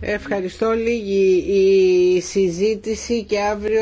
Ευχαριστώ λίγη η συζήτηση και αύριο